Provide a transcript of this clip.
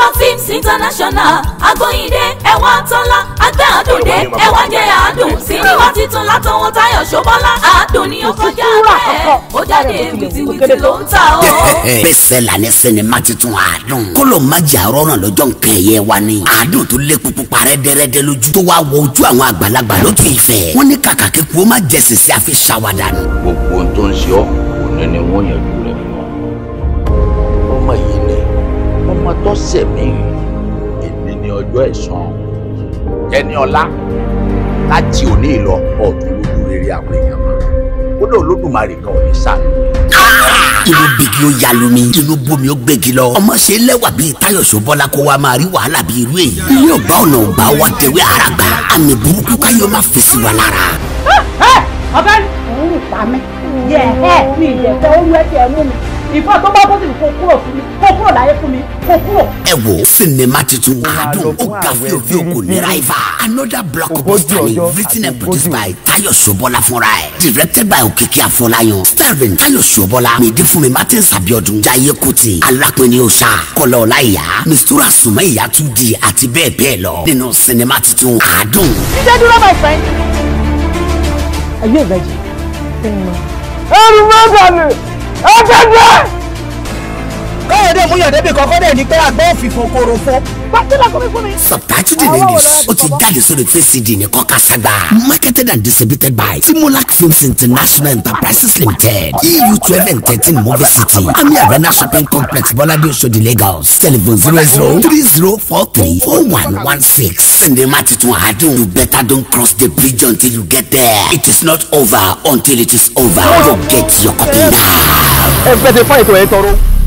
tọ́lá films international agbóyìnde ẹ̀wọ̀n àtọ́lá agbẹ́ àdùnde ẹ̀wọ̀n jẹ́ àdùn sinimá titun látọwọ́ táyọ̀ ṣọ́bọ́lá àdùn ni ó kọjá bẹ́ẹ̀ ó jáde wìtìwìtì ló ń ta o. bẹ́sẹ̀ la ní sinimá titun àdùn kóló májà rọrùn lọ́jọ́ nǹkan ẹ̀yẹ wa ni àdùn tó lé pupu parẹ́ dẹ́rẹ́dẹ́ lójú tó wá wọ ojú àwọn àgbàlagbà lótú ìfẹ́ wọ́n ní kàkà kíkú ó má jẹ ọmọ tó ṣẹ̀mí èmi ní ọjọ́ ẹ̀san ẹni ọlá láti òní ìlọ ọ̀tún lójú rere àwọn èèyàn mọ́ kódà olódùmarè kan ò ní sàánú inú bigi ó yalu mi inú bomi ó gbégi lọ ọmọ ṣe lẹ́wà bíi Táyọ̀ Ṣóbọ́lá kó wa máa rí wàhálà bíi irú èyí ilé ọba ọ̀nà ọba wa tẹ̀wé àràgbà àmì burúkú káyọ̀ máa fèsì wa lára pa mí. yẹ ẹ mi ìjẹ̀fẹ́ ó lu ẹ̀jẹ̀ mú mi ìfọ́ tó bá bọ́sì kó kúrò fún mi kó kúrò láyé fún mi kó kúrò. ẹ wo sinimá tuntun àádùn ó ga fíofí òkò ní raiva another blockbuster ni written and produced by Tayo Sobola fúnra ẹ directed by Okiki Afolayan starring Tayo Sobola Midefunmi Martin Abiodun Jaiye Kuti Alapẹni Osa Kọlá Ọláìyá Mistura Sumaiya Tudi àti bẹ́ẹ̀ bẹ́ẹ̀ lọ nínú sinimá tuntun àádùn. jíjẹ́ dúró my friend. are you ready? fún mi. ẹrù mẹ́ta ni pé àgbẹ̀ òfìfo kòrò fo. Subtitled in English, ó ti jáde sórí three CD ní kọ́ka ságbá. Marketed and distributed by Timolak Films International Enterprises Limited, EU twelve and thirteen Movie City, Ami Arena Shopping Complex, Bọ́ládé Oṣodi, Lagos. Telephone zero zero three zero four three four one one six. Sinde ma titun adun. You better don't cross the bridge until you get there. It is not over until it is over. Go get your copy now. Ẹ bẹ̀rẹ̀ fún ètò ẹ̀ tọrọ.